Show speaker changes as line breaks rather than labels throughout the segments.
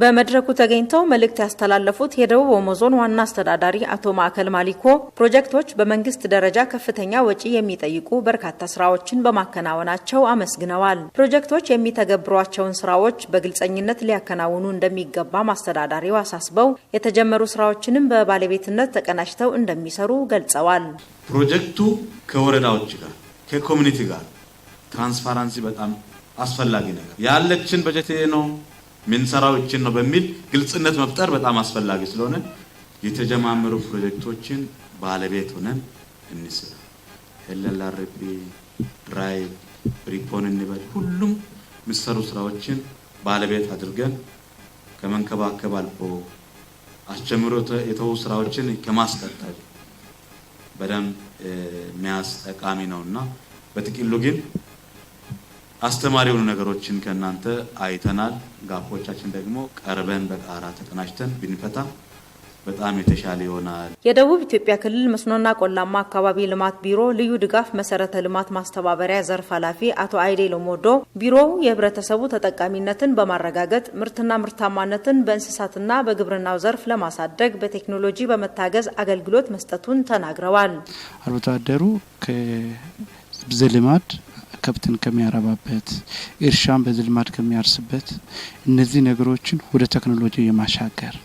በመድረኩ ተገኝተው መልእክት ያስተላለፉት የደቡብ ኦሞ ዞን ዋና አስተዳዳሪ አቶ ማዕከል ማሊኮ ፕሮጀክቶች በመንግስት ደረጃ ከፍተኛ ወጪ የሚጠይቁ በርካታ ስራዎችን በማከናወናቸው አመስግነዋል። ፕሮጀክቶች የሚተገብሯቸውን ስራዎች በግልጸኝነት ሊያከናውኑ እንደሚገባም አስተዳዳሪው አሳስበው የተጀመሩ ስራዎችንም በባለቤትነት ተቀናጅተው እንደሚሰሩ ገልጸዋል።
ፕሮጀክቱ ከወረዳዎች ጋር ከኮሚኒቲ ጋር ትራንስፓራንሲ በጣም አስፈላጊ ነገር ያለችን በጀቴ ነው ምን ሰራዎችን ነው በሚል ግልጽነት መፍጠር በጣም አስፈላጊ ስለሆነ የተጀማመሩ ፕሮጀክቶችን ባለቤት ሆነን እንስራ። ኤልኤልአርቢ፣ ራይ፣ ሪፖን እንበል ሁሉም የሚሰሩ ስራዎችን ባለቤት አድርገን ከመንከባከብ አልፎ አስጀምሮ የተው ስራዎችን ከማስቀጠል በደንብ መያዝ ጠቃሚ ነውና በጥቅሉ ግን አስተማሪ የሆኑ ነገሮችን ከእናንተ አይተናል። ጋፎቻችን ደግሞ ቀርበን በጋራ ተቀናጅተን ብንፈታ በጣም የተሻለ ይሆናል።
የደቡብ ኢትዮጵያ ክልል መስኖና ቆላማ አካባቢ ልማት ቢሮ ልዩ ድጋፍ መሰረተ ልማት ማስተባበሪያ ዘርፍ ኃላፊ አቶ አይዴ ሎሞዶ ቢሮው የህብረተሰቡ ተጠቃሚነትን በማረጋገጥ ምርትና ምርታማነትን በእንስሳትና በግብርናው ዘርፍ ለማሳደግ በቴክኖሎጂ በመታገዝ አገልግሎት መስጠቱን ተናግረዋል።
አርብቶ አደሩ ከዘልማድ ከብትን ከሚያረባበት፣ እርሻን በዝልማድ ከሚያርስበት እነዚህ ነገሮችን ወደ ቴክኖሎጂ የማሻገር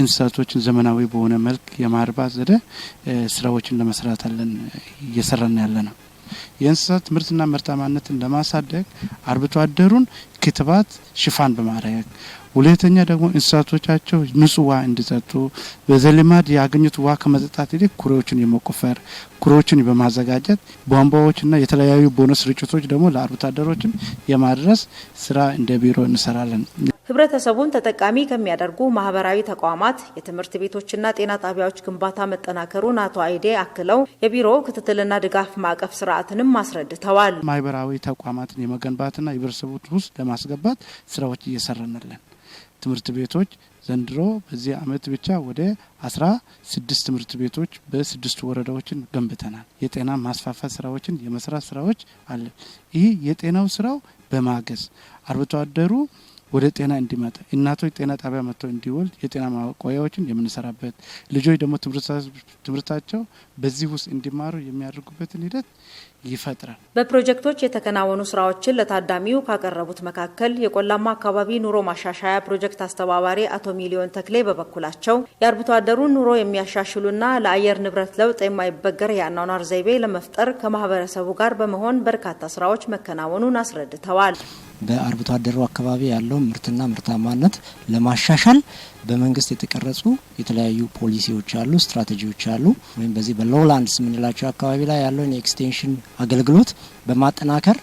እንስሳቶችን ዘመናዊ በሆነ መልክ የማርባት ዘደ ስራዎችን ለመስራት አለን እየሰራን ያለ ነው። የእንስሳት ምርትና ምርታማነትን ለማሳደግ አርብቶ አደሩን ክትባት ሽፋን በማድረግ ሁለተኛ ደግሞ እንስሳቶቻቸው ንጹህ ውሃ እንዲጠጡ በዘልማድ ያገኙት ውሃ ከመጠጣት ይልቅ ኩሬዎችን የመቆፈር ኩሬዎችን በማዘጋጀት ቧንቧዎችና የተለያዩ ቦነስ ርጭቶች ደግሞ ለአርብቶ አደሮችን የማድረስ ስራ እንደ ቢሮ እንሰራለን።
ህብረተሰቡን ተጠቃሚ ከሚያደርጉ ማህበራዊ ተቋማት የትምህርት ቤቶችና ጤና ጣቢያዎች ግንባታ መጠናከሩን አቶ አይዴ አክለው የቢሮ ክትትልና ድጋፍ ማዕቀፍ ስርዓትንም አስረድተዋል።
ማህበራዊ ተቋማትን የመገንባትና የህብረተሰቡ ውስጥ ለማስገባት ስራዎች እየሰራንለን። ትምህርት ቤቶች ዘንድሮ በዚህ አመት ብቻ ወደ አስራ ስድስት ትምህርት ቤቶች በስድስቱ ወረዳዎችን ገንብተናል። የጤና ማስፋፋት ስራዎችን የመስራት ስራዎች አለ። ይህ የጤናው ስራው በማገዝ አርብቶ አደሩ ወደ ጤና እንዲመጣ እናቶች ጤና ጣቢያ መጥተው እንዲወልድ የጤና ማቆያዎችን የምንሰራበት ልጆች ደግሞ ትምህርታቸው በዚህ ውስጥ እንዲማሩ የሚያደርጉበትን ሂደት ይፈጥራል።
በፕሮጀክቶች የተከናወኑ ስራዎችን ለታዳሚው ካቀረቡት መካከል የቆላማ አካባቢ ኑሮ ማሻሻያ ፕሮጀክት አስተባባሪ አቶ ሚሊዮን ተክሌ በበኩላቸው የአርብቶ አደሩን ኑሮ የሚያሻሽሉና ለአየር ንብረት ለውጥ የማይበገር የአኗኗር ዘይቤ ለመፍጠር ከማህበረሰቡ ጋር በመሆን በርካታ ስራዎች መከናወኑን አስረድተዋል።
በአርብቶ አደሩ አካባቢ ያለውን ምርትና ምርታማነት ለማሻሻል በመንግስት የተቀረጹ የተለያዩ ፖሊሲዎች አሉ፣ ስትራቴጂዎች አሉ። ወይም በዚህ በሎውላንድስ የምንላቸው አካባቢ ላይ ያለውን የኤክስቴንሽን አገልግሎት በማጠናከር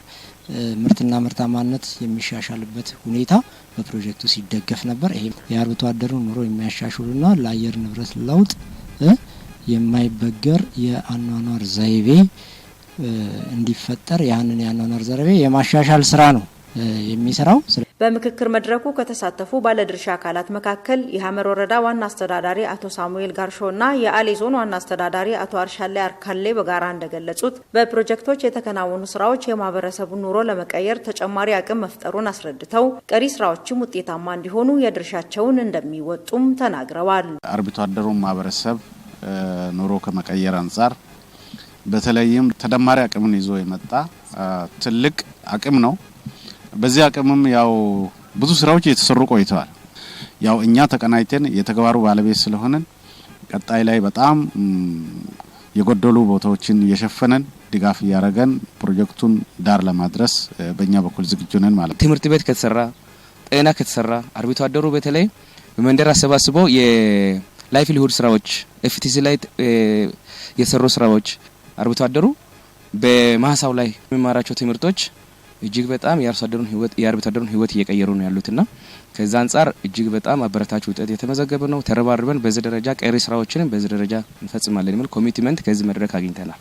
ምርትና ምርታማነት የሚሻሻልበት ሁኔታ በፕሮጀክቱ ሲደገፍ ነበር። ይሄ የአርብቶ አደሩ ኑሮ የሚያሻሽሉና ለአየር ንብረት ለውጥ የማይበገር የአኗኗር ዘይቤ እንዲፈጠር ያንን የአኗኗር ዘይቤ የማሻሻል ስራ ነው የሚሰራው።
በምክክር መድረኩ ከተሳተፉ ባለድርሻ አካላት መካከል የሀመር ወረዳ ዋና አስተዳዳሪ አቶ ሳሙኤል ጋርሾና የአሌ ዞን ዋና አስተዳዳሪ አቶ አርሻላይ አርካሌ በጋራ እንደገለጹት በፕሮጀክቶች የተከናወኑ ስራዎች የማህበረሰቡን ኑሮ ለመቀየር ተጨማሪ አቅም መፍጠሩን አስረድተው ቀሪ ስራዎችም ውጤታማ እንዲሆኑ የድርሻቸውን እንደሚወጡም ተናግረዋል።
አርብቶ አደሩን ማህበረሰብ ኑሮ ከመቀየር አንጻር በተለይም ተደማሪ አቅምን ይዞ የመጣ ትልቅ አቅም ነው። በዚህ አቅምም ያው ብዙ ስራዎች እየተሰሩ ቆይተዋል። ያው እኛ ተቀናይተን የተግባሩ ባለቤት ስለሆነን ቀጣይ ላይ በጣም የጎደሉ ቦታዎችን እየሸፈነን ድጋፍ እያደረገን ፕሮጀክቱን ዳር ለማድረስ በእኛ በኩል ዝግጁ ነን ማለት ነው።
ትምህርት ቤት ከተሰራ፣ ጤና ከተሰራ፣ አርቢቶ አደሩ በተለይ በመንደር አሰባስቦ የላይፍ ሊሁድ ስራዎች ኤፍቲሲ ላይ የሰሩ ስራዎች አርብቶ አደሩ በማሳው ላይ የሚማራቸው ትምህርቶች እጅግ በጣም የአርሶ ህይወት የአርብቶ ህይወት እየቀየሩ ነው ያሉትና ከዛ አንጻር እጅግ በጣም አበረታች ውጤት የተመዘገበ ነው። ተረባርበን በዚህ ደረጃ ቀሪ ስራዎችንም በዚህ ደረጃ እንፈጽማለን የሚል ኮሚትመንት ከዚህ መድረክ አግኝተናል።